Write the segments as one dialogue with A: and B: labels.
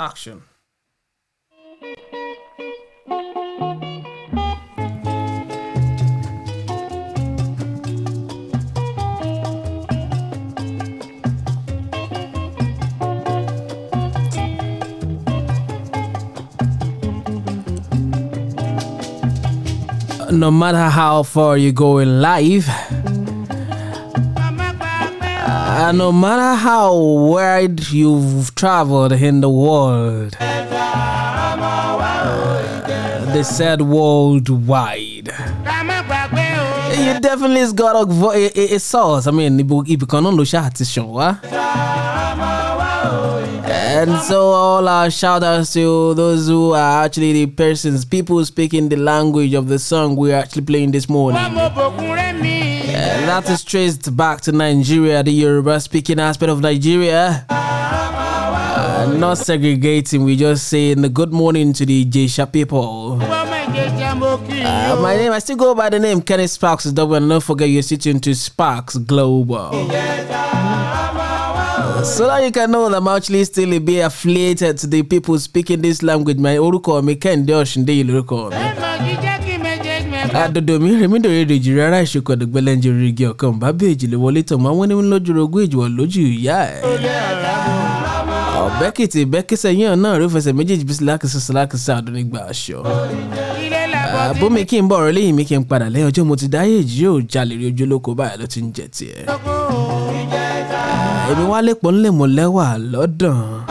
A: Action. no matter how far you go in life, and no matter how wide you've traveled in the world, they said worldwide. You definitely has got a, a, a source. I mean, if you can shout it, and so all our shout outs to those who are actually the persons, people speaking the language of the song we are actually playing this morning that is traced back to Nigeria, the Yoruba speaking aspect of Nigeria. Uh, not segregating, we just saying the good morning to the Jesha people. Uh, my name, I still go by the name Kenny Sparks. Double, and don't forget you're sitting to Sparks Global. Uh, so that you can know that I'm actually still be affiliated to the people speaking this language, my Oruko, me Ken Dosh, and Iluruko. àdòdò mi rèmídòrè rèjì rárá ìṣekọ̀ ọ̀dọ̀gbẹ́lẹ̀ ń jẹrìí igi ọ̀kan bá bí èjì lè wọlé tán máa wọ́n ní lójú rogún èjì wọ̀ lójú ìyá ẹ̀. ọ̀bẹ́kìtì bẹ́kísẹ̀ yẹn náà rí fẹsẹ̀ méjèèjì bí sílákìsí sílákìsí àdó nígbà aṣọ. Ah, bómi kí n bọ̀ ọ̀rọ̀ lẹ́yìn mi kí n padà lẹ́yìn ọjọ́ mo ti dáyé èjì yóò jalè rí ojú olóko báyà ló ti ń jẹ tiẹ̀. Ah, èmi wá lẹ́pọ̀ ńlẹ̀ mọ̀ lẹ́wà lọ́dàn.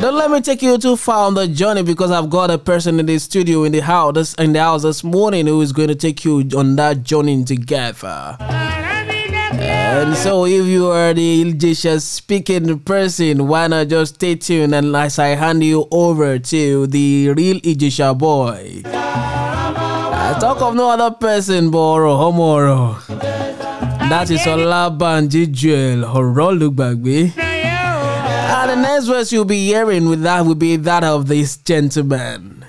A: Don't let me take you too far on the journey because I've got a person in the studio in the house in the house this morning who is going to take you on that journey together. And so, if you are the Iljisha speaking person, why not just stay tuned and as I hand you over to the real Iljisha boy? I talk of no other person, Boro Homoro. That is Olabanji Joel Horolugbagbe. and the next verse you'll be hearing with that will be that of this gentleman.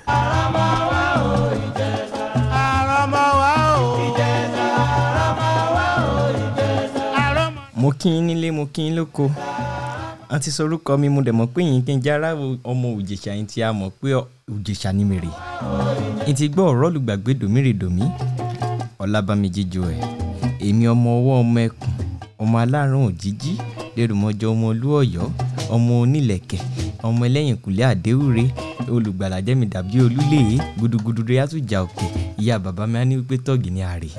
B: mo kí n nílé mo kí n lóko wọn ti sọ mi mo dẹ̀ mọ̀ pé yìí kí n jára ọmọ òjèṣà yìí tí a mọ̀ pé òjèṣà ni mèrè n ti gbọ́ ọ̀rọ̀ olùgbàgbé dòmírè dòmí ọ̀làbàmì jíjọ ẹ̀ èmi ọmọ ọwọ́ ọmọ ẹkùn ọmọ alárùn òjíjí lérùmọ́jọ ọmọ olú ọ̀yọ́ ọmọ onílẹ̀kẹ̀ ọmọ ẹlẹ́yìnkùlé àdéhùre olùgbàlà jẹ́mi dàbí olúléyé gudugudu rẹ̀ àtújà òkè ìyá bàbá mi á ní wípé tọ́ọ̀gì ní àárẹ̀.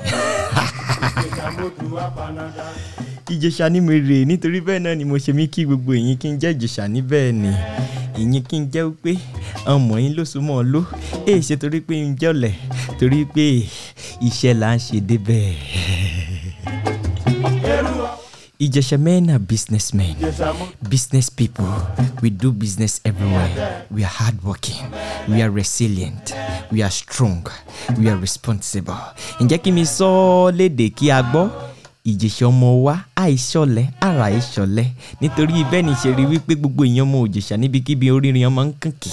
B: ìjẹ̀ṣà ni mo rè nítorí bẹ́ẹ̀ náà ni mo ṣe mí kí gbogbo èyí kí n jẹ́ ìjẹ̀ṣà níbẹ̀ ni ìyín kí n jẹ́ pé ọmọ yín ló súnmọ́ ló èyí torí pé ń jọ̀lẹ̀ torí pé iṣẹ́ là ń ṣe débẹ̀. Ijesha are businessmen, business people. We do business everywhere. We are hardworking, we are resilient, we are strong, we are responsible. Ǹjẹ́ kí mi sọ ọ́ léde kí a gbọ́? Ìjẹ̀ṣà ọmọ wa àìṣọ̀lẹ̀ ara àìṣọ̀lẹ̀ nítorí bẹ́ẹ̀ ni ṣe rí wípé gbogbo èèyàn ọmọ Òjẹ̀ṣà níbikíbi oríire ọmọ ń kànkì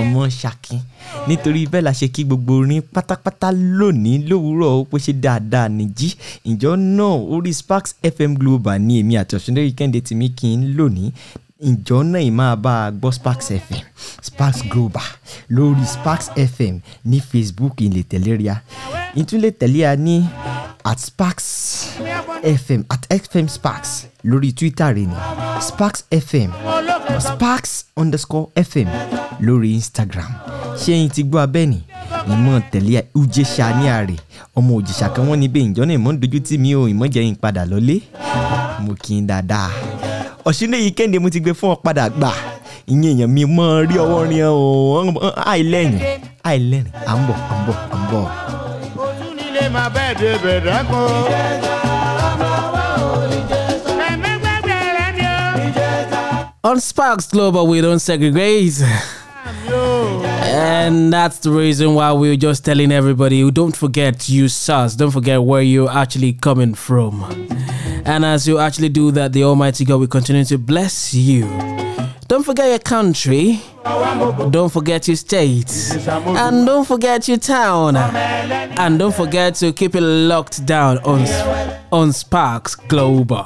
B: ọmọ ṣakin nítorí bẹ́ẹ̀ la ṣe kí gbogbo orin pátápátá lónìí lówùúrọ̀ ó pèsè dáadáa nìjí ìjọ náà orí Sparks FM Global ní èmi àti ọ̀ṣunlẹ̀ Kẹ́hìndé tìmí kì í lónìí ìjọ náà ì bá a gbọ́ Sparks FM Sparks Global lórí Sparks FM ní Facebook ìlẹ̀tẹ̀lẹ́ríà ìtúlẹ̀tẹ̀lẹ́ríà ní at sparks fm at fm sparks lórí twitter rẹ ni sparks fm sparks underscore fm lórí instagram ṣẹ́yìn ti gbọ́ abẹ́ ni ìmọ̀ tẹ̀lé ojèṣà ní àárẹ̀ ọmọ òjèṣà kan wọ́n níbẹ̀ ìjọ náà ìmọ̀ ń dojú tì mí o ìmọ̀ jẹ́ yín padà lọ́lé mo kì í dáadáa ọ̀ṣunlé yìí kẹ́hìndé mo ti gbé fún ọ padà gbà ìyẹn èèyàn mi mọ́ rí ọwọ́ rin ọ́ àìlẹ́yìn àìlẹ́yìn à ń bọ̀ à ń bọ̀ à ń bọ̀.
A: On Sparks Global, we don't segregate. And that's the reason why we are just telling everybody don't forget you sus, don't forget where you're actually coming from. And as you actually do that, the Almighty God will continue to bless you. Don't forget your country. Don't forget your state. And don't forget your town. And don't forget to keep it locked down on, on Sparks Global.